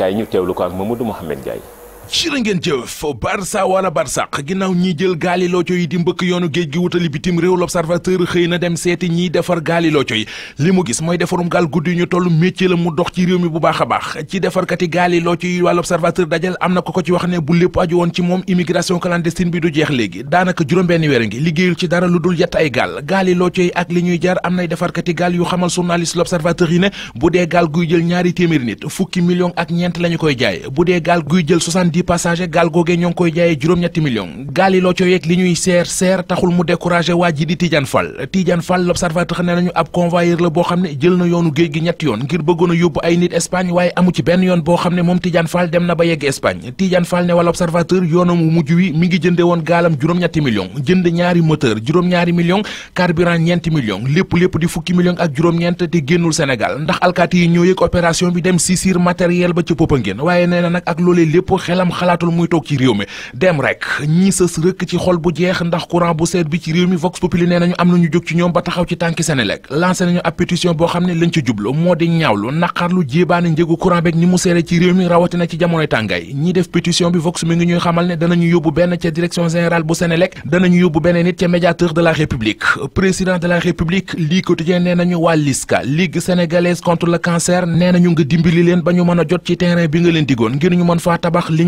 kaay ñu teewlu ko ak Mamadou Mouhamed Ndiaye. ci ngeen jëf barça wala barsaq ginnaaw ñiy jël gaali looco yi di mbëkk yoonu géej gi wutali bitim réew l'observateur xëy na dem seeti ñiy defar gaali looco yi li mu gis mooy defarum gaal gudd yi ñu toll métier la mu dox ci réew mi bu baax a baax ci defarkati gaali looco yi waa l'observateur dajal am na ko ko ci wax ne bu lépp aju woon ci moom immigration clandestine bi du jeex léegi daanaka juróom-benn weer ngi liggéeyul ci dara lu dul yett ay gaal gaali looco yi ak li ñuy jaar am nay defarkati gaal yu xamal yi ne bu dee gaal guy jël ñaari téeméeri nit fukki million ak ñeent la ñu jaay bu dee gaal guy di passagers gaal googee ñoo ngi koy jaayee juróom-ñetti million gaal yi loo co li ñuy seer seer taxul mu découragé waa ji di Tidiane Fall Tidiane Fall l'observateur ne nañu ab convoyeur la boo xam ne jël na yoonu géej gi ñetti yoon ngir bëggoon a yóbbu ay nit Espagne waaye amu ci benn yoon boo xam ne moom Tidiane Fall dem na ba yegg Espagne Tidiane Fall ne wala observateur yoonam mujj wi mi ngi jënde woon gaalam juróom-ñetti million jënd ñaari moteur juróom-ñaari million carburant ñeenti million lépp di fukki million ak juróom-ñeent te Sénégal ndax alkaati yi ñoo yëg opération bi dem saisir matériel ba ci Popenguine waaye nee na nag ak loolee lépp xelam xalaatul muy toog ci réew mi dem rek ñi sës rëkk ci xol bu jeex ndax courant bu seet bi ci réew mi Vox Populi nee nañu am nañu jóg ci ñoom ba taxaw ci tànki Senelec lancé nañu ab pétition boo xam ne lañ ci jublu moo di ñaawlu naqarlu jéebaane njëgu courant beeg ni mu seere ci réew mi rawatina ci jamonoy tàngaay ñi def pétition bi Vox mi ngi ñuy xamal ne danañu yóbbu benn ca direction générale bu Senelec danañu yóbbu beneen nit ca médiateur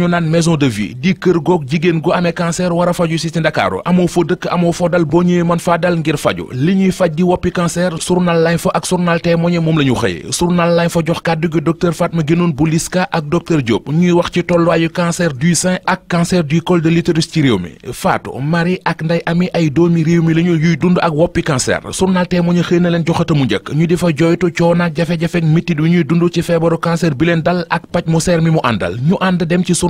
ñu naan maison de vie di kër goog jigéen gu amee cancer war a faju si ci ndakaaru amoo foo dëkk amoo foo dal boo ñëwee mën faa dal ngir faju li ñuy faj di woppi cancer journal lañ fa ak journal témoigné moom la ñu xëyee journal lañ fa jox kàddu gi docteur Fatma Guenoune bu Liska ak docteur Diop ñuy wax ci tolluwaayu cancer du sein ak cancer du col de l'utérus ci réew mi Fatou Marie ak Ndey Ami ay doomi réew mi la ñu yuy dund ak woppi cancer journal témoigné xëy na leen joxata mu njëkk ñu di fa jooytu coonaak jafe-jafe métit wi ñuy dund ci feebaru cancer bi leen dal ak paj mu mu àndal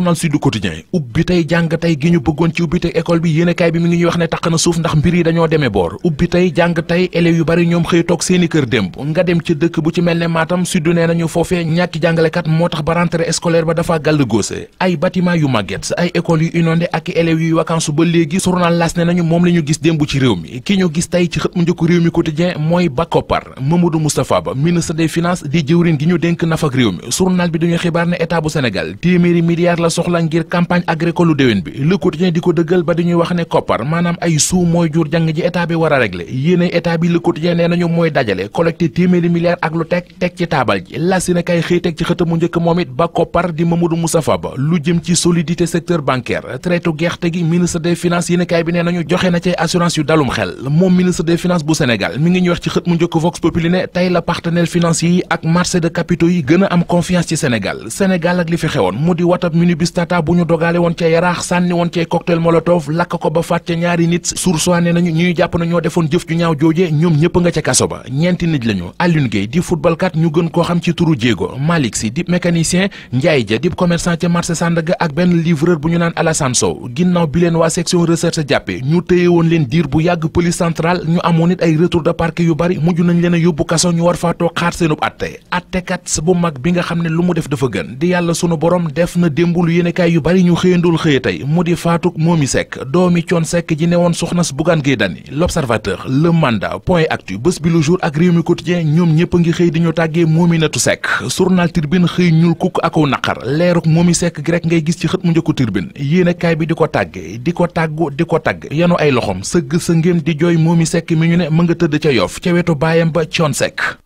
journal Sud Quotidien ubbi tey jàng tey gi ñu bëggoon ci ubbi tey école bi yéenekaay bi mi ngi ñuy wax ne taq na suuf ndax mbir yi dañoo demee boor ubbi tey jàng tey élèves yu bari ñoom xëy toog seeni kër démb nga dem ci dëkk bu ci mel ne Matam Sud nee nañu foofee ñàkki jàngalekat moo tax ba rentrée scolaire ba dafa gàll góose ay bâtiment yu màgget ay écoles yu inondé ak élèves yuy vacances ba léegi journal L'As ne nañu moom la ñu gis démb ci réew mi ki ñu gis tey ci xët mu njëkk réew mi quotidien mooy Bakopar Mamadou Moustapha Ba ministre des finances di jëwrin gi ñu dénk nafak réew mi journal bi dañu xibaar ne état bu Sénégal téeméeri milliards la soxla ngir campagne agricole lu déwén bi Le Quotidien di ko dëggal ba di ñuy wax ne koppar maanaam ay suu mooy jur jàng ji état bi war a régler yéene état bi Le Quotidien nee nañu mooy dajale collecté téeméeri milliards ak lu teg teg ci taabal ji la si na kay xëy teg ci xëtamu njëkk moom it ba koppar di Mamadou Moustapha Ba lu jëm ci solidité secteur bancaire traitu gerte gi ministre des finances yéene kay bi nee nañu joxe na ci assurance yu dalum xel moom ministre des finances bu Sénégal mi ngi ñuy wax ci xët mu njëkk yi ak am confiance ci Sénégal Sénégal ak li fi xewoon mu bis tata bu ñu dogale woon ca yaraax sànni woon cay cocktail molotov lakk ko ba fàtte ñaari nit sursoine nañu ñuy jàpp na ñoo defoon jëf ju ñaaw jooje ñoom ñëpp nga ca kaso ba ñeenti nit lañu Alioune Gueye di footballkat ñu gën koo xam ci turu jéego Malick Sy di mécanicien Ndiaye ja di commerçant ca marché Sandaga ak benn livreur bu ñu naan Alassane Sow ginnaaw bi leen waa section recherche jàppe ñu téye woon leen diir bu yàgg police centrale ñu amoon it ay retour yu bari mujj nañ leen a yóbbu kaso bi nga xam ne lu mu def dafa gën di yàlla sunu borom def na démbul yéenekaay yu bari ñu xëyandool xëya tey mu di faatuk moomi Seck doomi coon sekk ji ne newoon soxnas Bougane Gueye Dany l'Observateur le mandat point actu bés bi le jour ak réew mi quotidien ñoom ñëpp a ngi xëy di ñu tàggee moomi natu Seck journal Tribune xëy ñuul kukk akaw naqar leeruk moomi Seck gi rek ngay gis ci xët mu njëkku Tribune yéenekaay bi di ko tàggee di ko tàggu di ko tàgg yanu ay loxom sëgg sa ngéem di jooy moomi sekk mi ñu ne mën nga tëdd ca Yoff ca baayam ba coon Seck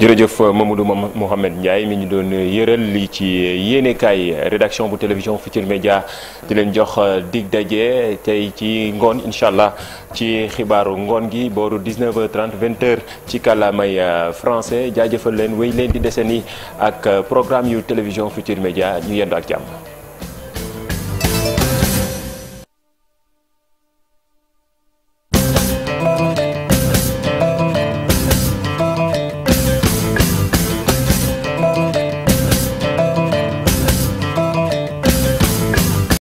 jërëjëf euh, Mamadou Mohamed Ndiaye mi ñu doon euh, yëral li ci euh, yéenekaay rédaction bu télévision Futurs Médias di leen jox dig daje tey ci ngoon incha allah ci xibaaru ngoon gi booru 19h30 20h ci kàllaamay français jaajëfal leen wéy leen di dese ni ak programme yu télévision Futurs Médias ñu yendu ak jàmm.